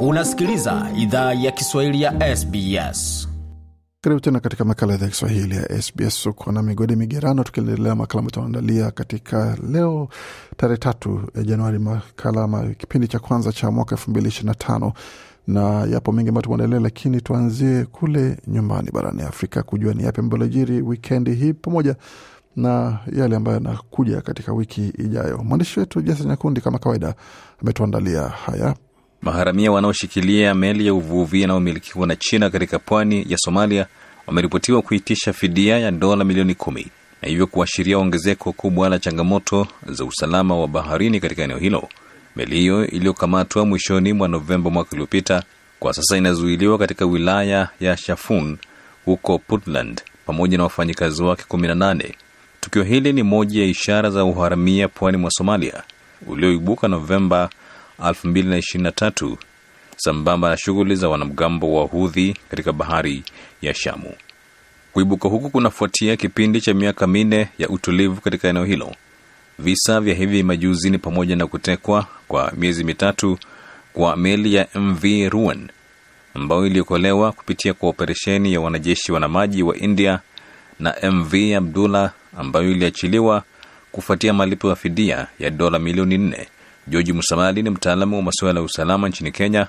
Unasikiliza idhaa ya Kiswahili ya SBS. Karibu tena katika makala idhaa ya Kiswahili ya SBS. Uko na migodi migerano, tukiendelea makala ambayo katika leo tarehe tatu ya eh, Januari, makala ma kipindi cha kwanza cha mwaka elfu mbili ishirini na tano na yapo mengi ambayo tumeandalia, lakini tuanzie kule nyumbani barani Afrika kujua ni yapi ambayo lajiri wikendi hii pamoja na yale ambayo yanakuja katika wiki ijayo. Mwandishi wetu Jesi Nyakundi kama kawaida ametuandalia haya Maharamia wanaoshikilia meli ya uvuvi inayomilikiwa na China katika pwani ya Somalia wameripotiwa kuitisha fidia ya dola milioni kumi na hivyo kuashiria ongezeko kubwa la changamoto za usalama wa baharini katika eneo hilo. Meli hiyo iliyokamatwa mwishoni mwa Novemba mwaka uliopita kwa sasa inazuiliwa katika wilaya ya Shafun huko Puntland pamoja na wafanyikazi wake nane. Tukio hili ni moja ya ishara za uharamia pwani mwa Somalia ulioibuka Novemba 2023 sambamba na shughuli za wanamgambo wa hudhi katika bahari ya Shamu. Kuibuka huku kunafuatia kipindi cha miaka minne ya utulivu katika eneo hilo. Visa vya hivi majuzi ni pamoja na kutekwa kwa miezi mitatu kwa meli ya MV Ruan ambayo iliokolewa kupitia kwa operesheni ya wanajeshi wanamaji wa India na MV Abdullah ambayo iliachiliwa kufuatia malipo ya fidia ya dola milioni nne. George Musamali ni mtaalamu wa masuala ya usalama nchini Kenya,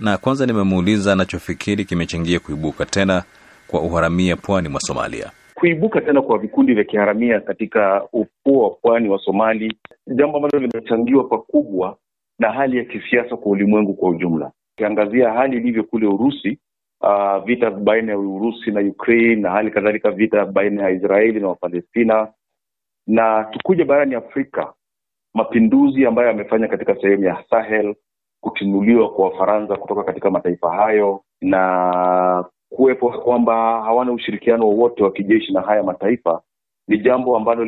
na kwanza nimemuuliza anachofikiri kimechangia kuibuka tena kwa uharamia pwani mwa Somalia. Kuibuka tena kwa vikundi vya kiharamia katika ufuo wa pwani wa Somali, jambo ambalo limechangiwa pakubwa na hali ya kisiasa kwa ulimwengu kwa ujumla. Ukiangazia hali ilivyo kule Urusi, uh, vita baina ya Urusi na Ukraine na hali kadhalika vita baina ya Israeli na Wapalestina, na tukuje barani Afrika mapinduzi ambayo amefanya katika sehemu ya Sahel, kutinuliwa kwa Wafaransa kutoka katika mataifa hayo na kuwepo kwamba hawana ushirikiano wowote wa kijeshi na haya mataifa ni jambo ambalo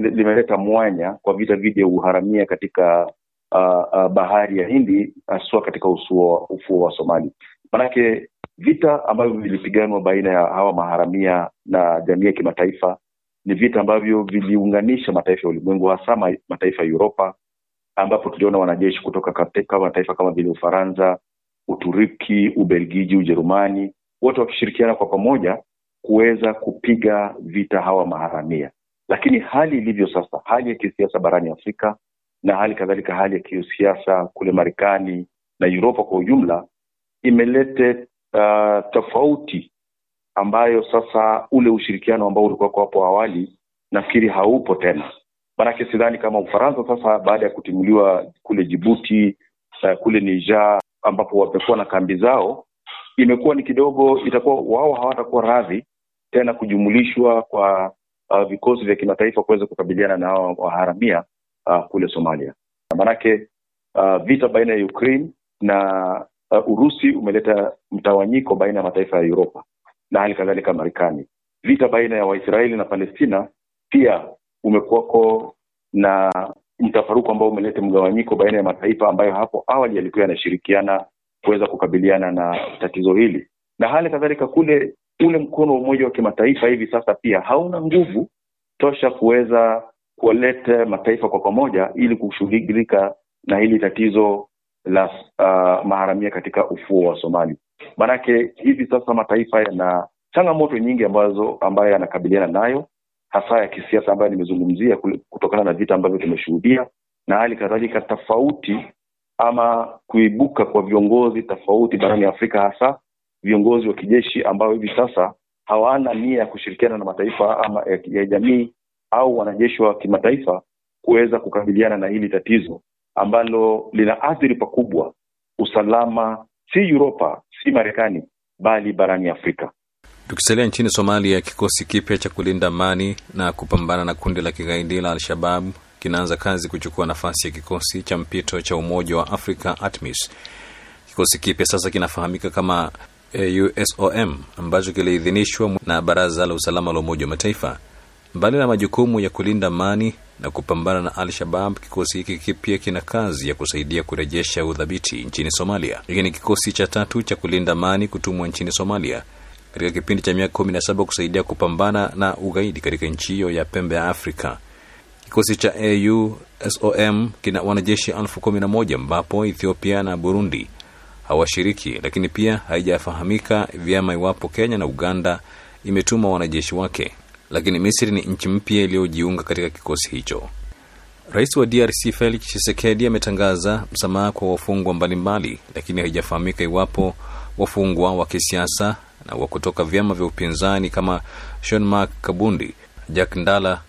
limeleta mwanya kwa vita dhidi ya uharamia katika uh, uh, bahari ya Hindi haswa katika usuo, ufuo wa Somali. manake vita ambavyo vilipiganwa baina ya hawa maharamia na jamii ya kimataifa ni vita ambavyo viliunganisha mataifa ya ulimwengu, hasa mataifa ya Uropa, ambapo tuliona wanajeshi kutoka katika mataifa kama vile Ufaransa, Uturuki, Ubelgiji, Ujerumani, wote wakishirikiana kwa pamoja kuweza kupiga vita hawa maharamia. Lakini hali ilivyo sasa, hali ya kisiasa barani Afrika na hali kadhalika hali ya kisiasa kule Marekani na Uropa kwa ujumla imelete uh, tofauti ambayo sasa ule ushirikiano ambao ulikuwa hapo awali nafikiri haupo tena, manake sidhani kama Ufaransa sasa baada ya kutimuliwa kule Jibuti uh, kule Niger ambapo wamekuwa na kambi zao, imekuwa ni kidogo, itakuwa wao hawatakuwa radhi tena kujumulishwa kwa uh, vikosi vya kimataifa kuweza kukabiliana na hao waharamia uh, kule Somalia. Maanake uh, vita baina ya Ukraine na uh, Urusi umeleta mtawanyiko baina ya mataifa ya Uropa na hali kadhalika Marekani. Vita baina ya Waisraeli na Palestina pia umekuwako na mtafaruku ambao umeleta mgawanyiko baina ya mataifa ambayo hapo awali yalikuwa yanashirikiana kuweza kukabiliana na tatizo hili, na hali kadhalika kule ule mkono wa umoja wa kimataifa hivi sasa pia hauna nguvu tosha kuweza kuwaleta mataifa kwa pamoja ili kushughulika na hili tatizo la uh, maharamia katika ufuo wa Somali. Maanake hivi sasa mataifa yana changamoto nyingi ambazo ambayo yanakabiliana nayo, hasa ya kisiasa ambayo nimezungumzia, kutokana na vita ambavyo tumeshuhudia na hali kadhalika tofauti ama kuibuka kwa viongozi tofauti barani Afrika, hasa viongozi wa kijeshi ambao hivi sasa hawana nia ya kushirikiana na mataifa ama ya jamii au wanajeshi wa kimataifa kuweza kukabiliana na hili tatizo ambalo lina athiri pakubwa usalama si Uropa, si Marekani, bali barani Afrika. Tukisalia nchini Somalia, kikosi kipya cha kulinda amani na kupambana na kundi la kigaidi la Al-Shabab kinaanza kazi kuchukua nafasi ya kikosi cha mpito cha Umoja wa Afrika ATMIS. Kikosi kipya sasa kinafahamika kama eh, USOM ambacho kiliidhinishwa na Baraza la Usalama la Umoja wa Mataifa. Mbali na majukumu ya kulinda amani na kupambana na Al-Shabab. Kikosi hiki kipya kina kazi ya kusaidia kurejesha udhabiti nchini Somalia. Hiki ni kikosi cha tatu cha kulinda amani kutumwa nchini Somalia katika kipindi cha miaka saba kusaidia kupambana na ugaidi katika nchi hiyo ya pembe ya Afrika. Kikosi cha AU SOM kina wanajeshi elfu kumi na moja ambapo Ethiopia na Burundi hawashiriki, lakini pia haijafahamika vyema iwapo Kenya na Uganda imetuma wanajeshi wake lakini Misri ni nchi mpya iliyojiunga katika kikosi hicho. Rais wa DRC Felix chisekedi ametangaza msamaha kwa wafungwa mbalimbali, lakini haijafahamika iwapo wafungwa wa kisiasa na wa kutoka vyama vya upinzani kama Jean Marc Kabundi, Jack Ndala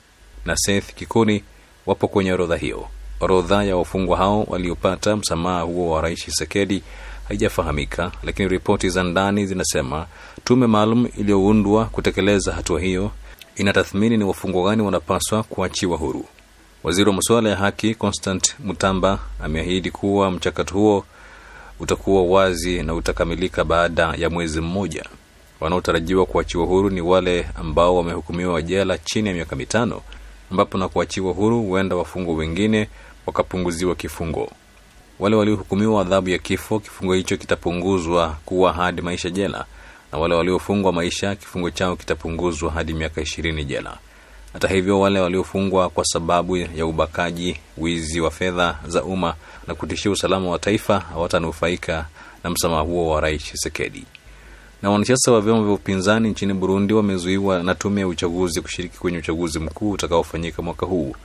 na Seth Kikuni wapo kwenye orodha hiyo. Orodha ya wafungwa hao waliopata msamaha huo wa Rais chisekedi haijafahamika, lakini ripoti za ndani zinasema tume maalum iliyoundwa kutekeleza hatua hiyo inatathmini ni wafungwa gani wanapaswa kuachiwa huru. Waziri wa masuala ya haki Constant Mutamba ameahidi kuwa mchakato huo utakuwa wazi na utakamilika baada ya mwezi mmoja. Wanaotarajiwa kuachiwa huru ni wale ambao wamehukumiwa jela chini ya miaka mitano, ambapo na kuachiwa huru huenda wafungwa wengine wakapunguziwa kifungo. Wale waliohukumiwa adhabu ya kifo, kifungo hicho kitapunguzwa kuwa hadi maisha jela na wale waliofungwa maisha kifungo chao kitapunguzwa hadi miaka ishirini jela. Hata hivyo, wale waliofungwa kwa sababu ya ubakaji, wizi wa fedha za umma na kutishia usalama wa taifa hawatanufaika na msamaha huo wa Rais Chisekedi. Na wanasiasa wa vyama vya upinzani nchini Burundi wamezuiwa na tume ya uchaguzi kushiriki kwenye uchaguzi mkuu utakaofanyika mwaka huu.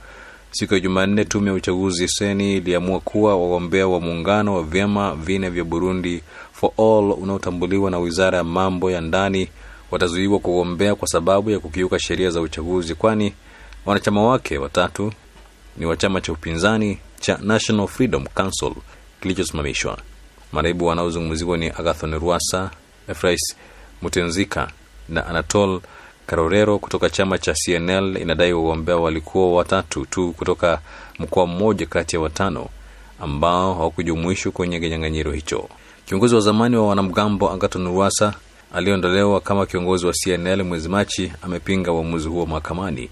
Siku ya Jumanne, tume ya uchaguzi seni iliamua kuwa wagombea wa muungano wa vyama vine vya Burundi for All unaotambuliwa na Wizara ya Mambo ya Ndani watazuiwa kugombea kwa sababu ya kukiuka sheria za uchaguzi, kwani wanachama wake watatu ni wa chama cha upinzani cha National Freedom Council kilichosimamishwa. Manaibu wanaozungumziwa ni Agathon ruasa Efrais Mutenzika na Anatol Karorero kutoka chama cha CNL. Inadai wagombea walikuwa watatu tu kutoka mkoa mmoja kati ya watano ambao hawakujumuishwa kwenye kinyang'anyiro hicho. Kiongozi wa zamani wa wanamgambo Agaton Rwasa aliyeondolewa kama kiongozi wa CNL mwezi Machi amepinga uamuzi huo mahakamani.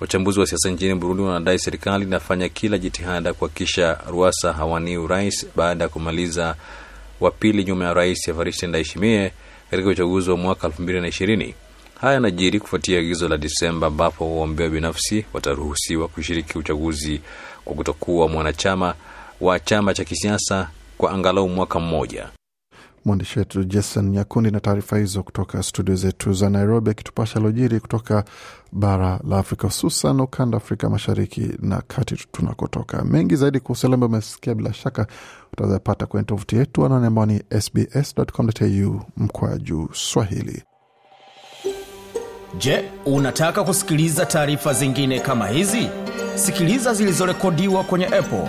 Wachambuzi wa siasa nchini Burundi wanadai serikali inafanya kila jitihada kuhakikisha Rwasa hawanii urais baada ya kumaliza wa pili nyuma ya rais Evariste Ndayishimiye katika uchaguzi wa mwaka ishirini. Haya yanajiri kufuatia agizo la Disemba ambapo waombea binafsi wataruhusiwa kushiriki uchaguzi kwa kutokuwa mwanachama wa chama cha kisiasa kwa angalau mwaka mmoja. Mwandishi wetu Jason Nyakundi na taarifa hizo kutoka studio zetu za Nairobi, akitupasha lojiri kutoka bara la Afrika, hususan ukanda Afrika mashariki na kati tunakotoka. Mengi zaidi kuhusu yale ambayo umesikia, bila shaka utazapata kwenye tovuti yetu anaone ambao ni sbs.com.au mkwa juu Swahili. Je, unataka kusikiliza taarifa zingine kama hizi? Sikiliza zilizorekodiwa kwenye Apple,